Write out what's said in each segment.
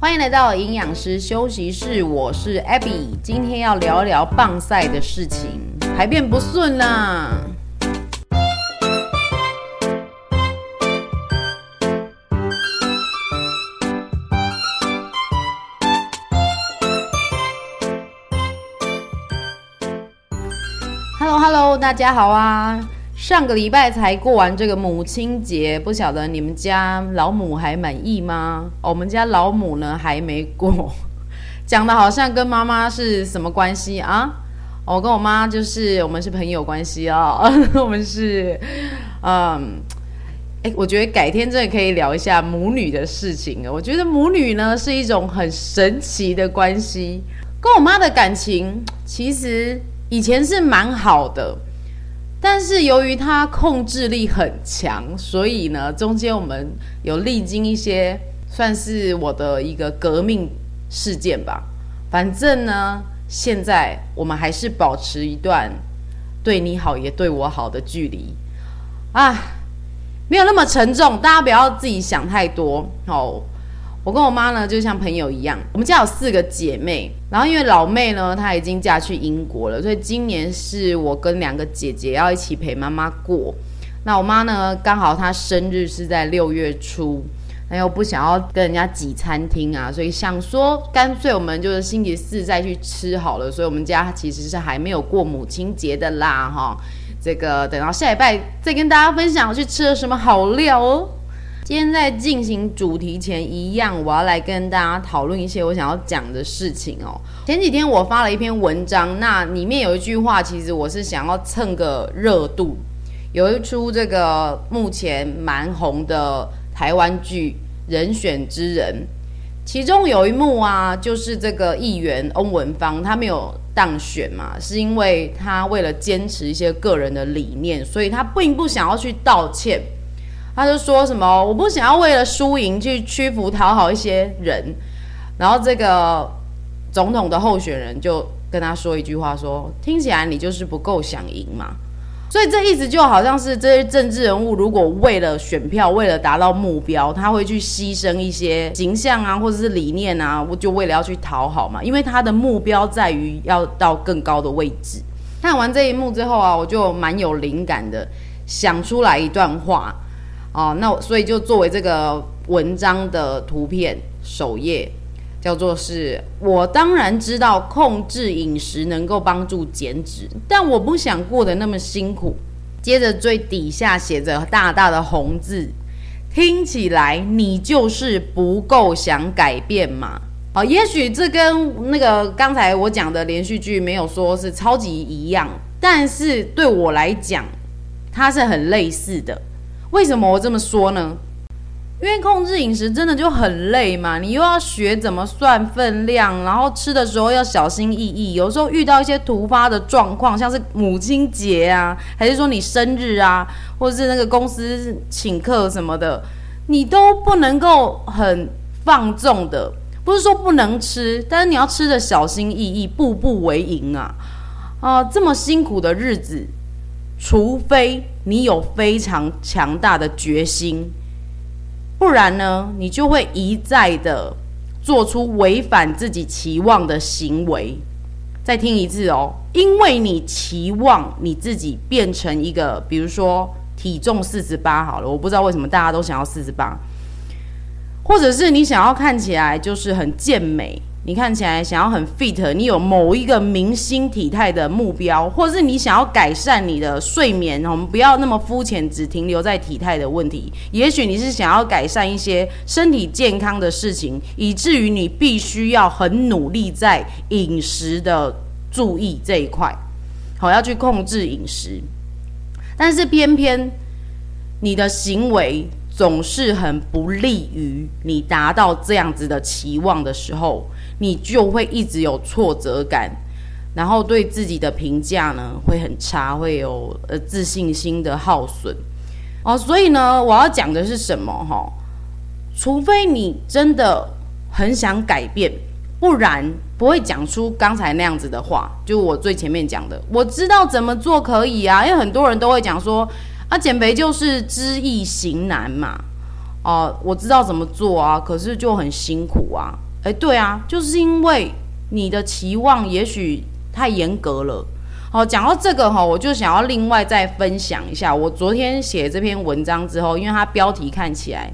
歡迎來到營養師休息室，我是 Abby，今天要聊一聊棒賽的事情，排便不順啦、啊。Hello，Hello， hello, 大家好啊。上個禮拜才過完這個母親節，不曉得你們家老母還滿意嗎、哦？我們家老母呢還沒過，講 的好像跟媽媽是什麼關係啊？我、哦、跟我媽就是我們是朋友關係啊、哦， 我們是，嗯、欸，我覺得改天真的可以聊一下母女的事情啊。我覺得母女呢是一種很神奇的關係，跟我媽的感情其實以前是蠻好的。但是由於他控制力很強，所以呢，中間我們有歷經一些算是我的一個革命事件吧。反正呢，現在我們還是保持一段對你好也對我好的距離啊，沒有那麼沉重，大家不要自己想太多哦。我跟我媽呢，就像朋友一樣。我們家有四個姐妹，然後因為老妹呢，她已經嫁去英國了，所以今年是我跟兩個姐姐要一起陪媽媽過。那我媽呢，剛好她生日是在六月初，那又不想要跟人家擠餐廳啊，所以想說乾脆我們就是星期四再去吃好了。所以我們家其實是還沒有過母親節的啦，哈、哦。這個等到下禮拜再跟大家分享去吃了什麼好料哦。今天在進行主題前，一樣我要來跟大家討論一些我想要講的事情喔。前幾天我發了一篇文章，那裡面有一句話，其實我是想要蹭個熱度。有一出這個目前蠻紅的台灣劇《人選之人》，其中有一幕啊，就是這個議員翁文芳，他沒有當選嘛，是因為他為了堅持一些個人的理念，所以他並不想要去道歉。他就說什麼：“我不想要為了輸贏去屈服、討好一些人。”然後這個總統的候選人就跟他說一句話說：“說聽起來你就是不夠想贏嘛。”所以這意思就好像是這些政治人物，如果為了選票、為了達到目標，他會去犧牲一些形象啊，或者是理念啊，就為了要去討好嘛，因為他的目標在於要到更高的位置。看完這一幕之後啊，我就蠻有靈感的，想出來一段話。哦，那所以就作為這個文章的圖片首頁，叫做是，我當然知道控制飲食能夠幫助減脂，但我不想過得那麼辛苦。接着最底下寫着大大的紅字，聽起來你就是不夠想改變嘛。好、哦，也許這跟那個剛才我講的連續劇沒有說是超級一樣，但是對我來講，它是很類似的。為什麼我這麼說呢？因為控制飲食真的就很累嘛，你又要學怎麼算分量，然後吃的時候要小心翼翼。有時候遇到一些突發的狀況，像是母親節啊，還是說你生日啊，或者是那個公司請客什麼的，你都不能夠很放縱的。不是說不能吃，但是你要吃的小心翼翼，步步為營啊！啊、呃，這麼辛苦的日子。除非你有非常強大的決心，不然呢，你就會一再的做出違反自己期望的行為。再聽一次哦，因為你期望你自己變成一個，比如說體重四十八好了，我不知道為什麼大家都想要四十八。或者是你想要看起來就是很健美，你看起來想要很 fit，你有某一個明星體態的目標，或者是你想要改善你的睡眠，我們不要那麼膚淺，只停留在體態的問題。也許你是想要改善一些身體健康的事情，以至於你必須要很努力在飲食的注意這一塊。好，要去控制飲食，但是偏偏你的行為。總是很不利於你達到這樣子的期望的時候，你就會一直有挫折感，然後對自己的評價呢會很差，會有呃自信心的耗損。哦，所以呢，我要講的是什麼？哈，除非你真的很想改變，不然不會講出剛才那樣子的話。就我最前面講的，我知道怎麼做可以啊，因為很多人都會講說。啊，減肥就是知易行難嘛，哦、呃，我知道怎麼做啊，可是就很辛苦啊。哎，對啊，就是因為你的期望也許太嚴格了。好、哦，講到這個哈、哦，我就想要另外再分享一下。我昨天寫這篇文章之後，因為它標題看起來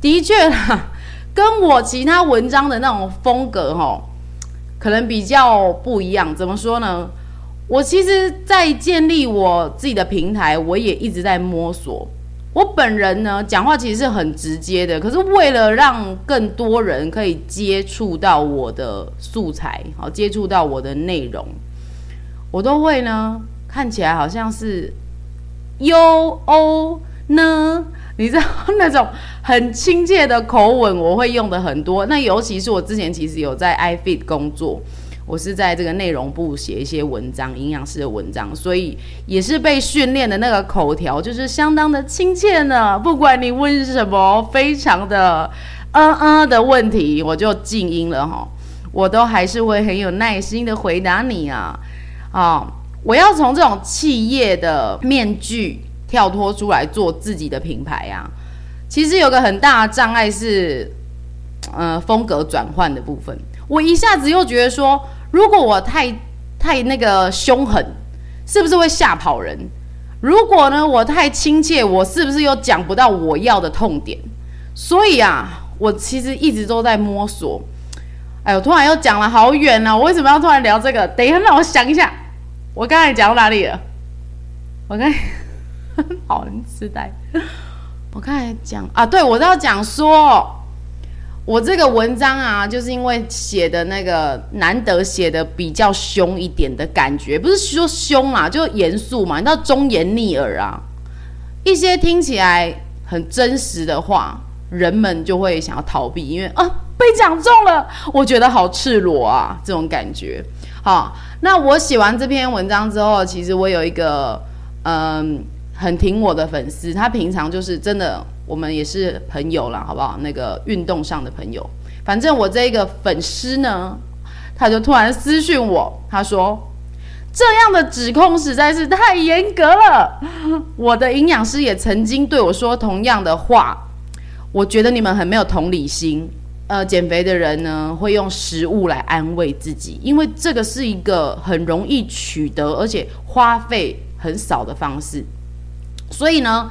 的確哈，跟我其他文章的那種風格哈、哦，可能比較不一樣。怎麼說呢？我其實，在建立我自己的平台，我也一直在摸索。我本人呢，講話其實是很直接的，可是，為了讓更多人可以接觸到我的素材，好接觸到我的內容，我都會呢，看起來好像是 “you o 呢”，你知道那種很親切的口吻，我會用的很多。那尤其是我之前其實有在 iFit 工作。我是在這個內容部寫一些文章，營養師的文章，所以也是被訓練的那個口條，就是相當的親切呢。不管你問什麼，非常的呃、嗯、呃、嗯、的問題，我就靜音了哈，我都還是會很有耐心的回答你啊。啊，我要從這種企業的面具跳脫出來，做自己的品牌啊。其實有個很大的障礙是，呃，風格轉換的部分。我一下子又覺得說，如果我太太那個兇狠，是不是會嚇跑人？如果呢，我太親切，我是不是又講不到我要的痛點？所以啊，我其實一直都在摸索。哎呦，突然又講了好遠啊，我為什麼要突然聊這個？等一下讓我想一下，我剛才講到哪裡了？我剛才 好，你癡呆。 我剛才講啊，對我都要講說。我這個文章啊，就是因為寫的那個難得寫的比較凶一點的感覺，不是說凶啊，就嚴肅嘛。你知道忠言逆耳啊，一些聽起來很真實的話，人們就會想要逃避，因為啊被講中了，我覺得好赤裸啊，這種感覺。好，那我寫完這篇文章之後，其實我有一個嗯很挺我的粉絲，他平常就是真的。我們也是朋友了，好不好？那個運動上的朋友，反正我這一個粉絲呢，他就突然私訊我，他說：“這樣的指控實在是太嚴格了。”我的營養師也曾經對我說同樣的話。我覺得你們很沒有同理心。呃，減肥的人呢，會用食物來安慰自己，因為這個是一個很容易取得，而且花費很少的方式。所以呢。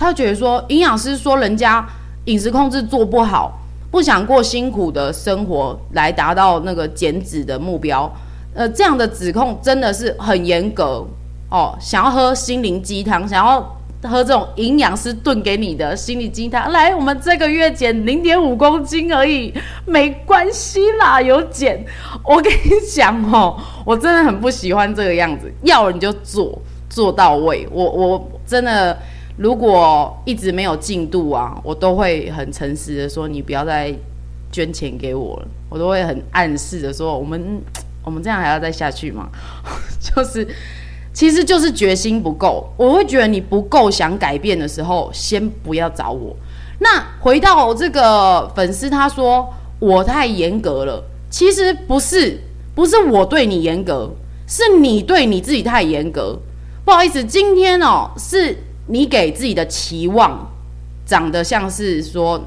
他覺得說，營養師說人家飲食控制做不好，不想過辛苦的生活來達到那個減脂的目標，呃，這樣的指控真的是很嚴格哦。想要喝心靈雞湯，想要喝這種營養師燉給你的心靈雞湯，來，我們這個月減零點五公斤而已，沒關係啦，有減。我跟你講哦，我真的很不喜歡這個樣子，要了你就做，做到位，我我真的。如果一直沒有進度啊，我都會很誠實的說，你不要再捐錢給我了。我都會很暗示的說，我們我們這樣還要再下去嗎？ 就是，其實就是決心不夠。我會覺得你不夠想改變的時候，先不要找我。那回到這個粉絲，他說我太嚴格了，其實不是，不是我對你嚴格，是你對你自己太嚴格。不好意思，今天哦是。你給自己的期望，長得像是說，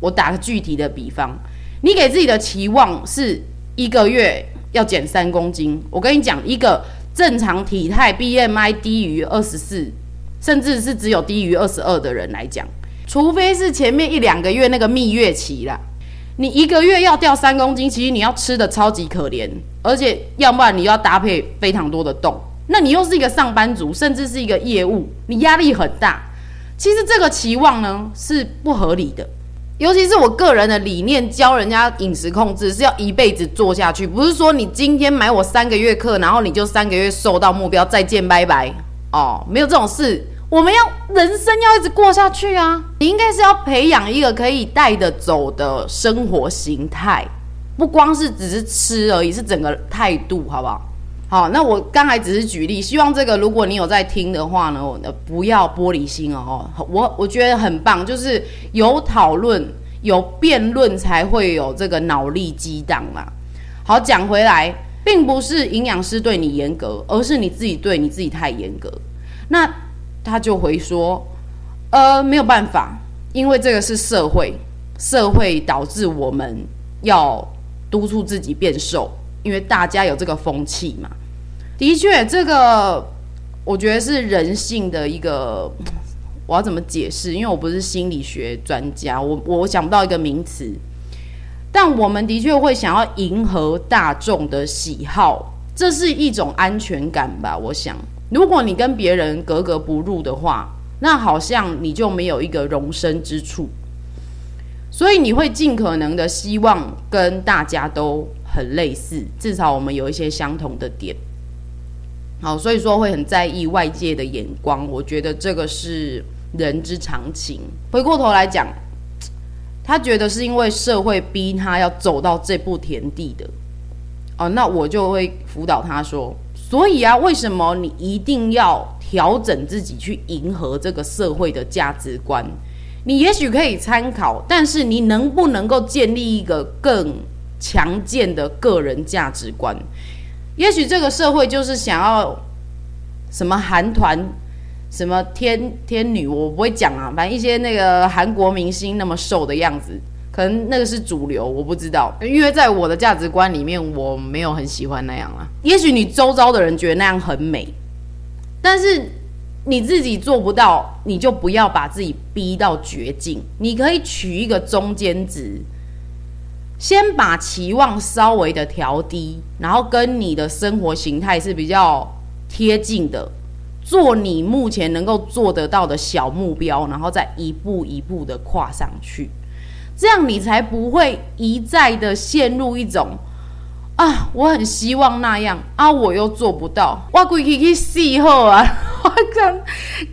我打個具體的比方，你給自己的期望是一個月要減三公斤。我跟你講，一個正常體態 （BMI 低於二十四，甚至是只有低於二十二）的人來講，除非是前面一兩個月那個蜜月期啦，你一個月要掉三公斤，其實你要吃的超級可憐，而且要不然你要搭配非常多的動。那你又是一個上班族，甚至是一個業務，你壓力很大。其實這個期望呢，是不合理的，尤其是我個人的理念，教人家飲食控制是要一輩子做下去，不是說你今天買我三個月課，然後你就三個月瘦到目標，再見拜拜哦，沒有這種事。我們要人生要一直過下去啊，你應該是要培養一個可以帶得走的生活形態，不光是只是吃而已，是整個態度好不好？好，那我剛才只是舉例，希望這個如果你有在聽的話呢，不要玻璃心哦。我我覺得很棒，就是有討論、有辯論，才會有這個腦力激盪嘛。好，講回來，並不是營養師對你嚴格，而是你自己對你自己太嚴格。那他就回說，呃，沒有辦法，因為這個是社會，社會導致我們要督促自己變瘦。因為大家有這個風氣嘛，的確，這個我覺得是人性的一個，我要怎麼解釋？因為我不是心理學專家，我我想不到一個名詞。但我們的確會想要迎合大眾的喜好，這是一種安全感吧？我想，如果你跟別人格格不入的話，那好像你就沒有一個容身之處，所以你會儘可能的希望跟大家都很類似，至少我們有一些相同的點。好，所以說會很在意外界的眼光，我覺得這個是人之常情。回過頭來講，他覺得是因為社會逼他要走到這步田地的。哦，那我就會輔導他說：所以啊，為什麼你一定要調整自己去迎合這個社會的價值觀？你也許可以參考，但是你能不能夠建立一個更……強健的個人價值觀，也許這個社會就是想要什麼韓團，什麼天天女，我不會講啊，反正一些那個韓國明星那麼瘦的樣子，可能那個是主流，我不知道。因為在我的價值觀裡面，我沒有很喜歡那樣啊。也許你周遭的人覺得那樣很美，但是你自己做不到，你就不要把自己逼到絕境。你可以取一個中間值。先把期望稍微的調低，然後跟你的生活形態是比較貼近的，做你目前能夠做得到的小目標，然後再一步一步的跨上去，這樣你才不會一再的陷入一種啊，我很希望那樣，啊，我又做不到，我歸去去事後啊，我乾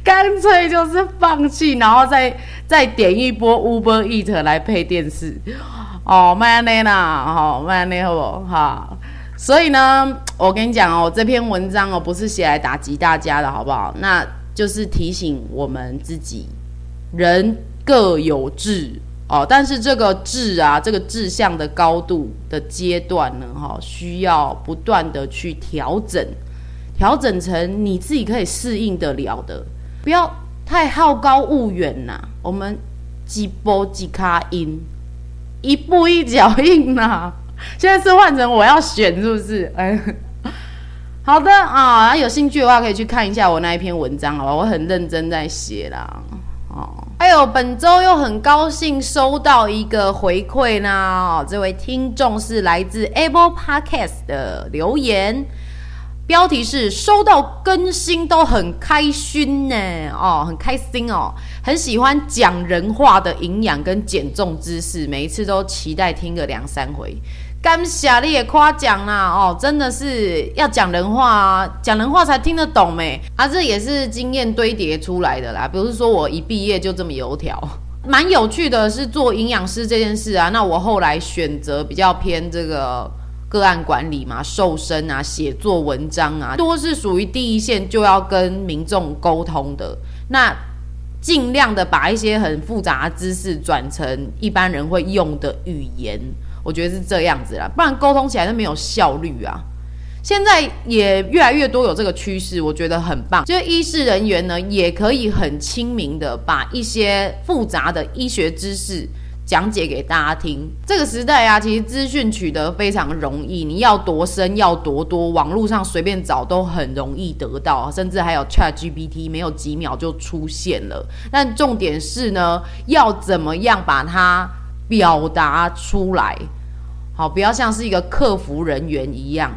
乾脆就是放棄，然後再再點一波 Uber Eater 來配電視。哦，麥安呢啦，哈、哦，麥安呢，哈，所以呢，我跟你講哦，這篇文章哦，不是寫來打擊大家的，好不好？那就是提醒我們自己，人各有志哦，但是這個志啊，這個志向的高度的階段呢，哈、哦，需要不斷的去調整，調整成你自己可以適應得了的，不要太好高騖遠吶。我們幾波幾卡音。一步一腳印吶、啊，現在是換成我要選，是不是？ 好的啊，哦，有興趣的話可以去看一下我那一篇文章，好吧？我很認真在寫啦。哦。還、哎，有本周又很高興收到一個回饋呢、哦，這位聽眾是來自 Apple Podcast 的留言，標題是“收到更新都很開心呢”，哦，很開心哦。很喜歡講人話的營養跟減重知識，每一次都期待聽個兩三回。感謝你也誇獎啦哦，真的是要講人話、啊，講人話才聽得懂哎、欸、啊，這也是經驗堆疊出來的啦。比如說我一畢業就這麼油條，蠻有趣的，是做營養師這件事啊。那我後來選擇比較偏這個個案管理嘛，瘦身啊，寫作文章啊，多是屬於第一線就要跟民眾溝通的那。盡量的把一些很複雜的知識轉成一般人會用的語言，我覺得是這樣子啦，不然溝通起來都沒有效率啊。現在也越來越多有這個趨勢，我覺得很棒，就是醫事人員呢也可以很親民的把一些複雜的醫學知識。講解給大家聽。這個時代啊，其實資訊取得非常容易，你要多深，要多多，網絡上隨便找都很容易得到，甚至還有 ChatGPT，沒有幾秒就出現了。但重點是呢，要怎麼樣把它表達出來？好，不要像是一個客服人員一樣。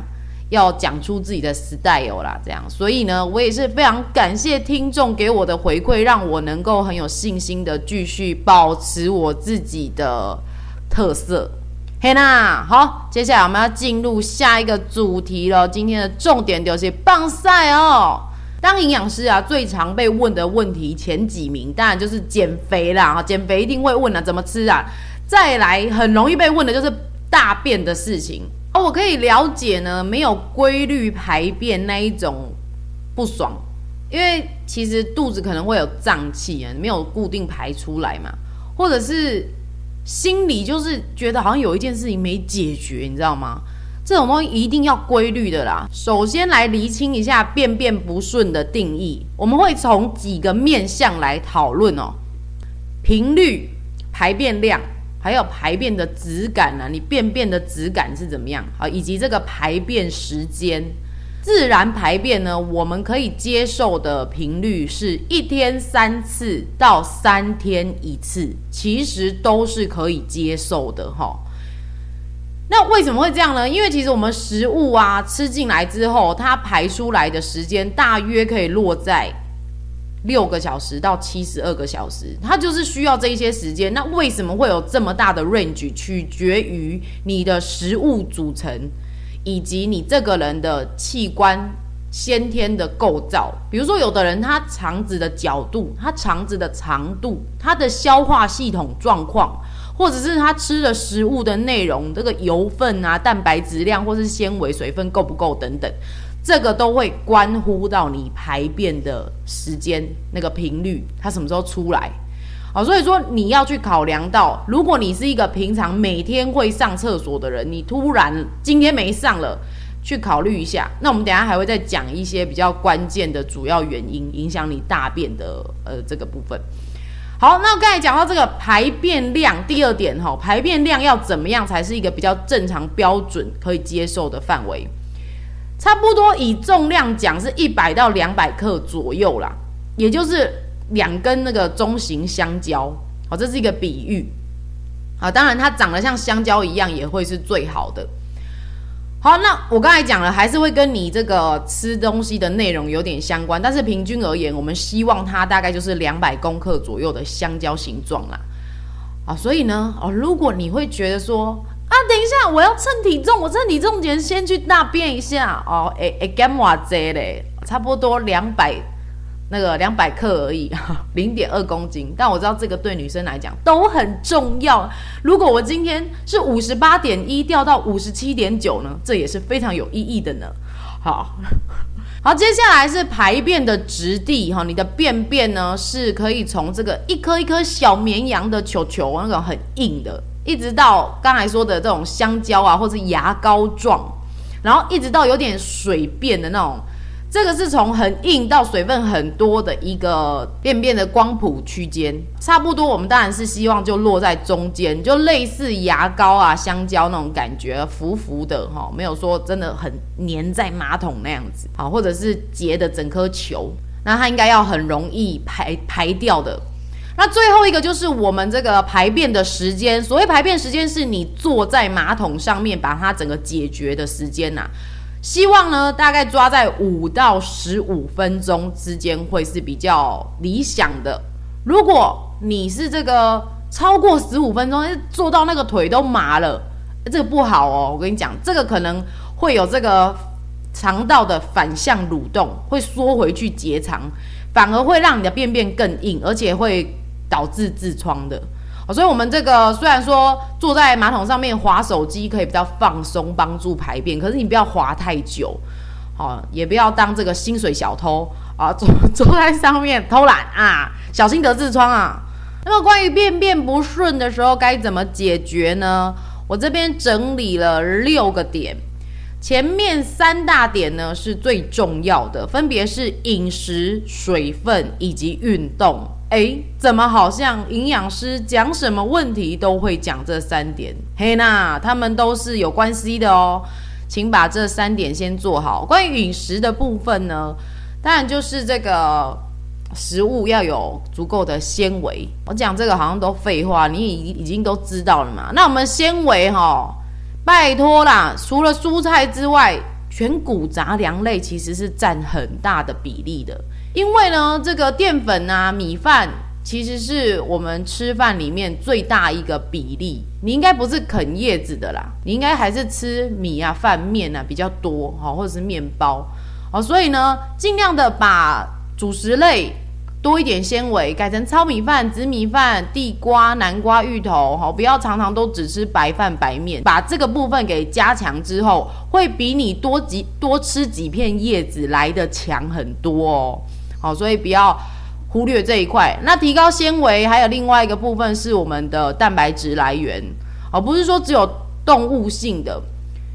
要講出自己的時代 e 啦，這樣，所以呢，我也是非常感謝聽眾給我的回饋，讓我能夠很有信心的繼續保持我自己的特色。嘿吶，好，接下來我們要進入下一個主題了。今天的重點就是棒賽哦。當營養師啊，最常被問的問題前幾名，當然就是減肥啦。減肥一定會問啊，怎麼吃啊？再來，很容易被問的就是大便的事情。哦，我可以了解呢，沒有規律排便那一種不爽，因為其實肚子可能會有脹氣啊，沒有固定排出來嘛，或者是心裡就是覺得好像有一件事情沒解決，你知道嗎？這種東西一定要規律的啦。首先來釐清一下便便不順的定義，我們會從幾個面向來討論哦。頻率、排便量。還有排便的質感呢、啊？你便便的質感是怎麼樣啊？以及這個排便時間，自然排便呢，我們可以接受的頻率是一天三次到三天一次，其實都是可以接受的哈。那為什麼會這樣呢？因為其實我們食物啊吃進來之後，它排出來的時間大約可以落在。六個小時到七十二個小時，它就是需要這一些時間。那為什麼會有這麼大的 range？取決於你的食物組成，以及你這個人的器官先天的構造。比如說，有的人他腸子的角度，他腸子的長度，他的消化系統狀況，或者是他吃的食物的內容，這個油分啊、蛋白質量，或是纖維水分夠不夠等等。這個都會關乎到你排便的時間、那個頻率，它什麼時候出來啊、哦？所以說你要去考量到，如果你是一個平常每天會上廁所的人，你突然今天沒上了，去考慮一下。那我們等一下還會再講一些比較關鍵的主要原因，影響你大便的呃這個部分。好，那剛才講到這個排便量，第二點哈、哦，排便量要怎麼樣才是一個比較正常標準可以接受的範圍？差不多以重量講是一百到兩百克左右啦，也就是兩根那個中型香蕉，哦，這是一個比喻，啊，當然它長得像香蕉一樣也會是最好的。好，那我剛才講了，還是會跟你這個吃東西的內容有點相關，但是平均而言，我們希望它大概就是兩百公克左右的香蕉形狀啦。啊，所以呢，哦，如果你會覺得說，啊，等一下，我要稱體重，我稱體重前先去大便一下哦。誒誒，會減多少咧，差不多兩百那個兩百克而已，哈零點二公斤。但我知道這個對女生來講都很重要。如果我今天是五十八點一掉到五十七點九呢，這也是非常有意義的呢。好好，接下來是排便的質地哈，你的便便呢是可以從這個一顆一顆小綿羊的球球那種、個、很硬的。一直到剛才說的這種香蕉啊，或是牙膏狀，然後一直到有點水便的那種，這個是從很硬到水分很多的一個便便的光譜區間，差不多。我們當然是希望就落在中間，就類似牙膏啊、香蕉那種感覺，浮浮的哈，沒有說真的很黏在馬桶那樣子，或者是結的整顆球，那它應該要很容易排排掉的。那最後一個就是我們這個排便的時間，所謂排便時間是你坐在馬桶上面把它整個解決的時間吶。希望呢，大概抓在五到十五分鐘之間會是比較理想的。如果你是這個超過十五分鐘，坐到那個腿都麻了，這個不好哦。我跟你講，這個可能會有這個腸道的反向蠕動，會縮回去結腸，反而會讓你的便便更硬，而且會。導致痔瘡的、哦，所以，我們這個雖然說坐在馬桶上面滑手機可以比較放鬆，幫助排便，可是你不要滑太久、哦，也不要當這個薪水小偷啊，坐坐在上面偷懶啊，小心得痔瘡啊。那麼，關於便便不順的時候該怎麼解決呢？我這邊整理了六個點，前面三大點呢是最重要的，分別是飲食、水分以及運動。哎，怎麼好像營養師講什麼問題都會講這三點？嘿，那他們都是有關係的哦，請把這三點先做好。關於飲食的部分呢，當然就是這個食物要有足夠的纖維。我講這個好像都廢話，你已已經都知道了嘛。那我們纖維哈、哦，拜託啦，除了蔬菜之外，全穀雜糧類其實是佔很大的比例的。因為呢，這個澱粉啊、米飯，其實是我們吃飯裡面最大一個比例，你應該不是啃葉子的啦，你應該還是吃米啊、飯面啊比較多，哦，或者是面包哦。所以呢，儘量的把主食類多一點纖維，改成糙米飯、紫米飯、地瓜、南瓜、芋頭，哦，不要常常都只吃白飯、白面。把這個部分給加強之後，會比你多幾多吃幾片葉子來得強很多哦。好、哦，所以不要忽略這一塊。那提高纖維，還有另外一個部分是我們的蛋白質來源，而、哦、不是說只有動物性的。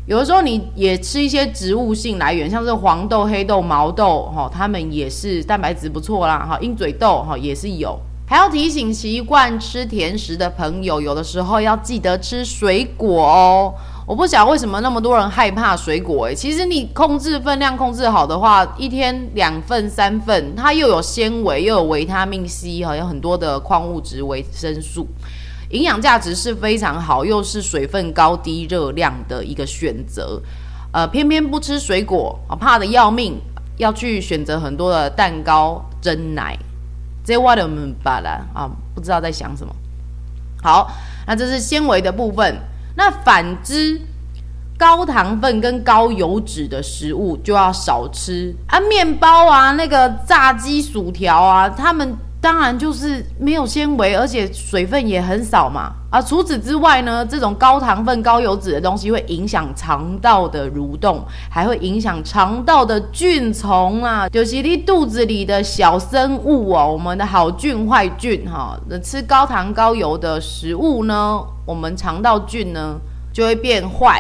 有的時候你也吃一些植物性來源，像是黃豆、黑豆、毛豆，哈、哦，它們也是蛋白質不錯啦，哈、哦。鷹嘴豆，哈、哦，也是有。還要提醒習慣吃甜食的朋友，有的時候要記得吃水果哦。我不曉得為什麼那麼多人害怕水果哎、欸，其實你控制分量控制好的話，一天兩份三份，它又有纖維又有維他命 C 哈、喔，有很多的礦物質維生素，營養價值是非常好，又是水分高低熱量的一個選擇，呃，偏偏不吃水果啊、喔，怕得要命，要去選擇很多的蛋糕、蒸奶，這我 h a t t 啊，不知道在想什麼。好，那這是纖維的部分。那反之，高糖分跟高油脂的食物就要少吃啊，麵包啊，那個炸雞薯條啊，他們。當然，就是沒有纖維，而且水分也很少嘛。啊，除此之外呢，這種高糖分、高油脂的東西會影響腸道的蠕動，還會影響腸道的菌叢啊，就是你肚子裡的小生物啊、哦，我們的好菌壞菌哈。吃高糖高油的食物呢，我們腸道菌呢就會變壞，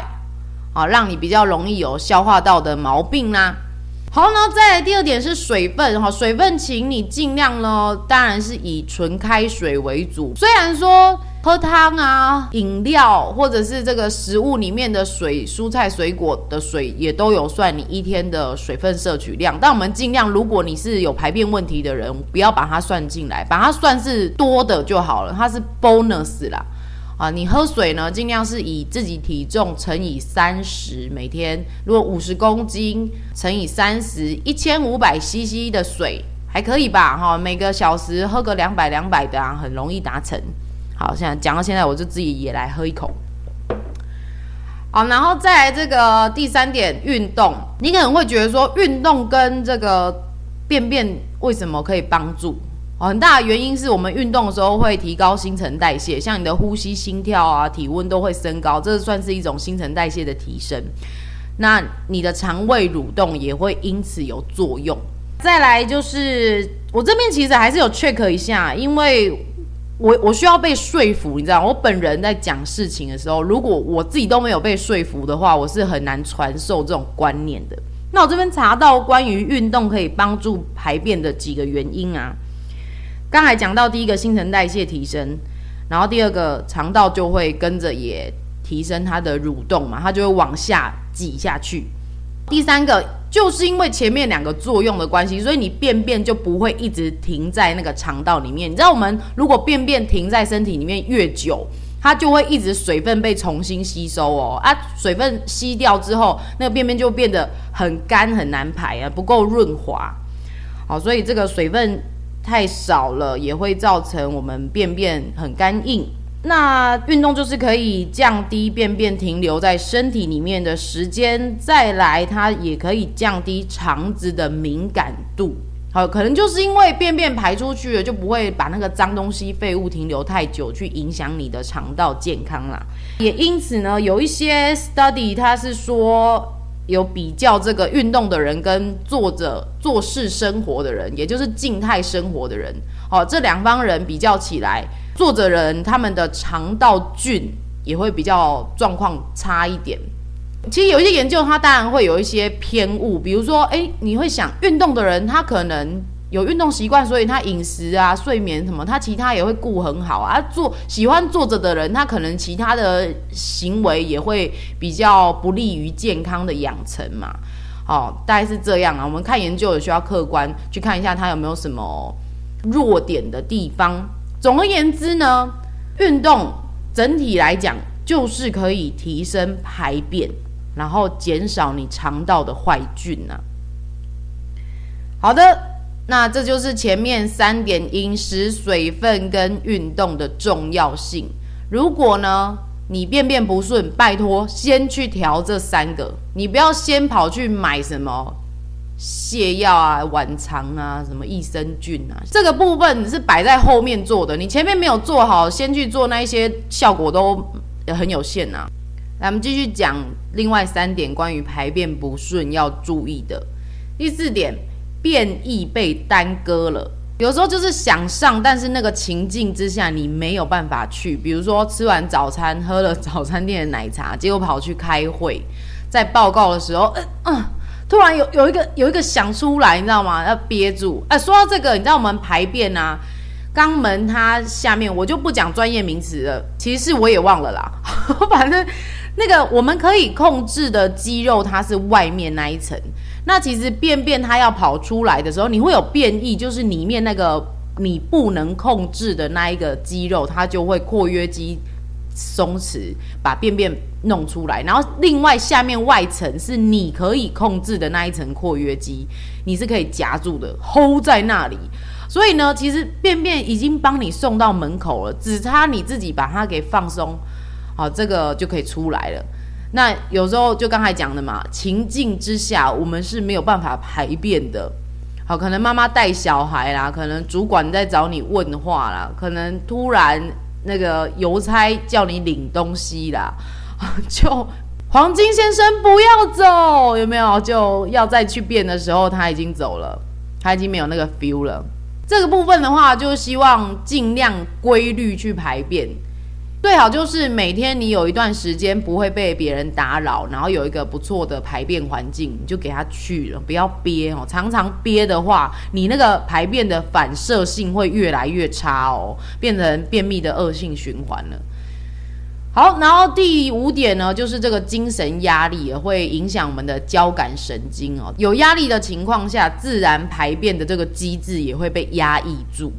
啊，讓你比較容易有消化道的毛病啦、啊。好，那再來第二點是水分哈，水分，請你盡量呢，當然是以純開水為主，雖然說喝湯啊、飲料或者是這個食物裡面的水、蔬菜、水果的水也都有算你一天的水分攝取量，但我們盡量，如果你是有排便問題的人，不要把它算進來，把它算是多的就好了，它是 bonus 啦。啊，你喝水呢，盡量是以自己體重乘以三十，每天如果五十公斤乘以三十，一千五百 CC 的水還可以吧？哈，每個小時喝個兩百兩百的啊，很容易達成。好，現在講到現在，我就自己也來喝一口。好，然後再來這個第三點，運動。你可能會覺得說，運動跟這個便便為什麼可以幫助？哦，很大的原因是我們運動的時候會提高新陳代謝，像你的呼吸、心跳啊、體溫都會升高，這算是一種新陳代謝的提升。那你的腸胃蠕動也會因此有作用。再來就是我這邊其實還是有 check 一下，因為我我需要被說服，你知道，我本人在講事情的時候，如果我自己都沒有被說服的話，我是很難傳授這種觀念的。那我這邊查到關於運動可以幫助排便的幾個原因啊。剛才講到第一個新陳代謝提升，然後第二個腸道就會跟着也提升它的蠕動嘛，它就會往下擠下去。第三個就是因為前面兩個作用的關係，所以你便便就不會一直停在那個腸道裡面。你知道我們如果便便停在身體裡面越久，它就會一直水分被重新吸收哦啊，水分吸掉之後，那個便便就變得很乾很難排啊，不夠潤滑。好，所以這個水分。太少了也會造成我們便便很乾硬。那運動就是可以降低便便停留在身體裡面的時間，再來它也可以降低腸子的敏感度。好，可能就是因為便便排出去了，就不會把那個髒東西、廢物停留太久，去影響你的腸道健康啦。也因此呢，有一些 study 它是說，有比較這個運動的人跟坐着做事生活的人，也就是靜態生活的人，好、哦，這兩方人比較起來，坐着人他們的腸道菌也會比較狀況差一點。其實有些研究它當然會有一些偏誤，比如說，誒、欸，你會想運動的人他可能。有運動習慣，所以他飲食啊、睡眠什麼，他其他也會顧很好啊。坐、啊、喜歡坐着的人，他可能其他的行為也會比較不利於健康的養成嘛。好、哦，大概是這樣啊。我們看研究也需要客觀去看一下他有沒有什麼弱點的地方。總而言之呢，運動整體來講就是可以提升排便，然後減少你腸道的壞菌啊。好的。那這就是前面三點飲食、水分跟運動的重要性。如果呢，你便便不順，拜托先去調這三個，你不要先跑去買什麼瀉藥啊、浣腸啊、什麼益生菌啊，這個部分是擺在後面做的。你前面沒有做好，先去做那一些，效果都也很有限啊。咱們繼續講另外三點關於排便不順要注意的第四點。便意被耽擱了，有時候就是想上，但是那個情境之下你沒有辦法去。比如說吃完早餐，喝了早餐店的奶茶，結果跑去開會，在報告的時候，嗯嗯，突然有有一個有一個想出來，你知道嗎？要憋住。哎、欸，說到這個，你知道我們排便啊，肛門它下面，我就不講專業名詞了。其實是我也忘了啦， 反正那個我們可以控制的肌肉，它是外面那一層。那其實便便它要跑出來的時候，你會有便意，就是裡面那個你不能控制的那一個肌肉，它就會括約肌鬆弛，把便便弄出來。然後另外下面外層是你可以控制的那一層括約肌，你是可以夾住的，hold 在那裡。所以呢，其實便便已經幫你送到門口了，只差你自己把它給放鬆，好、啊，這個就可以出來了。那有時候就剛才講的嘛，情境之下我們是沒有辦法排便的。好，可能媽媽帶小孩啦，可能主管在找你問話啦，可能突然那個郵差叫你領東西啦，就黃金先生不要走，有沒有？就要再去便的時候他已經走了，他已經沒有那個 feel 了。這個部分的話，就希望盡量規律去排便。最好就是每天你有一段時間不會被別人打擾，然後有一個不錯的排便環境，你就給他去了，不要憋哦。常常憋的話，你那個排便的反射性會越來越差哦，變成便秘的惡性循環了。好，然後第五點呢，就是這個精神壓力也會影響我們的交感神經哦。有壓力的情況下，自然排便的這個機制也會被壓抑住。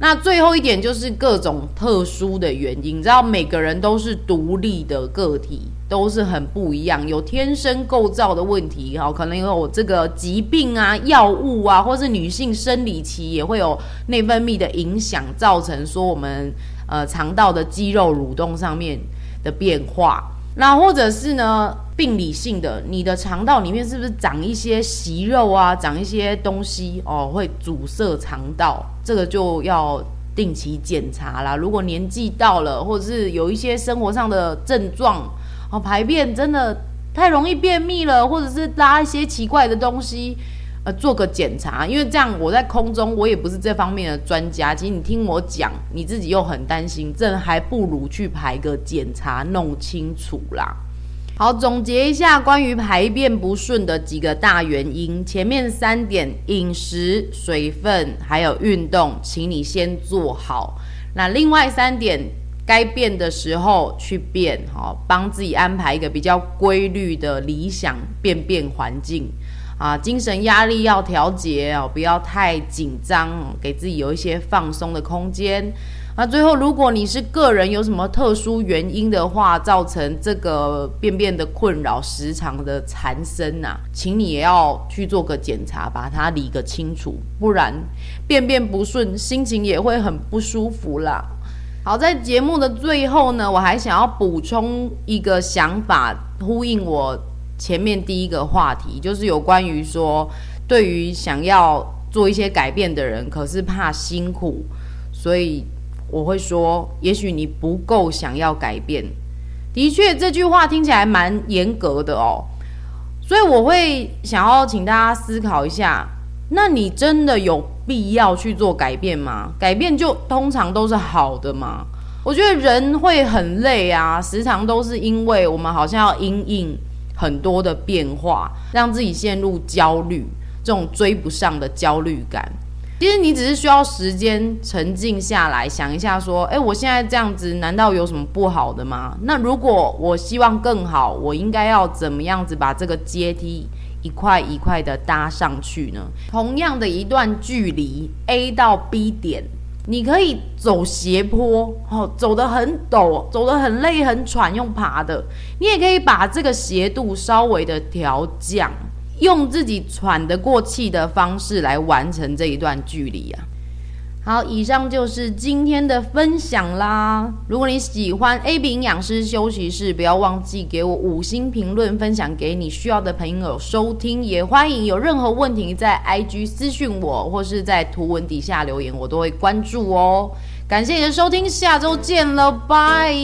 那最後一點就是各種特殊的原因，你知道，每個人都是獨立的個體，都是很不一樣。有天生構造的問題，好，可能有這個疾病啊、藥物啊，或是女性生理期也會有內分泌的影響，造成說我們呃腸道的肌肉蠕動上面的變化。那或者是呢？病理性的，你的腸道裡面是不是長一些息肉啊？長一些東西哦，會阻塞腸道，這個就要定期檢查啦。如果年紀到了，或者是有一些生活上的症狀，哦，排便真的太容易便秘了，或者是拉一些奇怪的東西，呃，做個檢查。因為這樣我在空中我也不是這方面的專家，其實你聽我講，你自己又很擔心，這還不如去排個檢查，弄清楚啦。好，總結一下關於排便不順的幾個大原因，前面三點：飲食、水分，還有運動，請你先做好。那另外三點，該便的時候去便，好，幫自己安排一個比較規律的理想便便環境。啊，精神壓力要調節哦，不要太緊張，給自己有一些放鬆的空間。那最後，如果你是個人有什麼特殊原因的話，造成這個便便的困擾時常的纏身啊，請你也要去做個檢查，把它理個清楚，不然便便不順，心情也會很不舒服啦。好，在節目的最後呢，我還想要補充一個想法，呼應我前面第一個話題，就是有關於說，對於想要做一些改變的人，可是怕辛苦，所以。我會說，也許你不夠想要改變。的確，這句話聽起來蠻嚴格的哦。所以我會想要請大家思考一下，那你真的有必要去做改變嗎？改變就通常都是好的嗎？我覺得人會很累啊，時常都是因為我們好像要因應很多的變化，讓自己陷入焦慮，這種追不上的焦慮感。其實你只是需要時間沉靜下來，想一下說，誒，我現在這樣子，難道有什麼不好的嗎？那如果我希望更好，我應該要怎麼樣子把這個階梯一塊一塊的搭上去呢？同樣的一段距離 A 到 B 點，你可以走斜坡，哦，走得很陡，走得很累，很喘，用爬的，你也可以把這個斜度稍微的調降。用自己喘得過氣的方式來完成這一段距離啊！好，以上就是今天的分享啦。如果你喜歡 Abby 營養師休息室，不要忘記給我五星評論，分享給你需要的朋友收聽。也歡迎有任何問題在 IG 私訊我，或是在圖文底下留言，我都會關注哦。感謝你的收聽，下週見了，拜。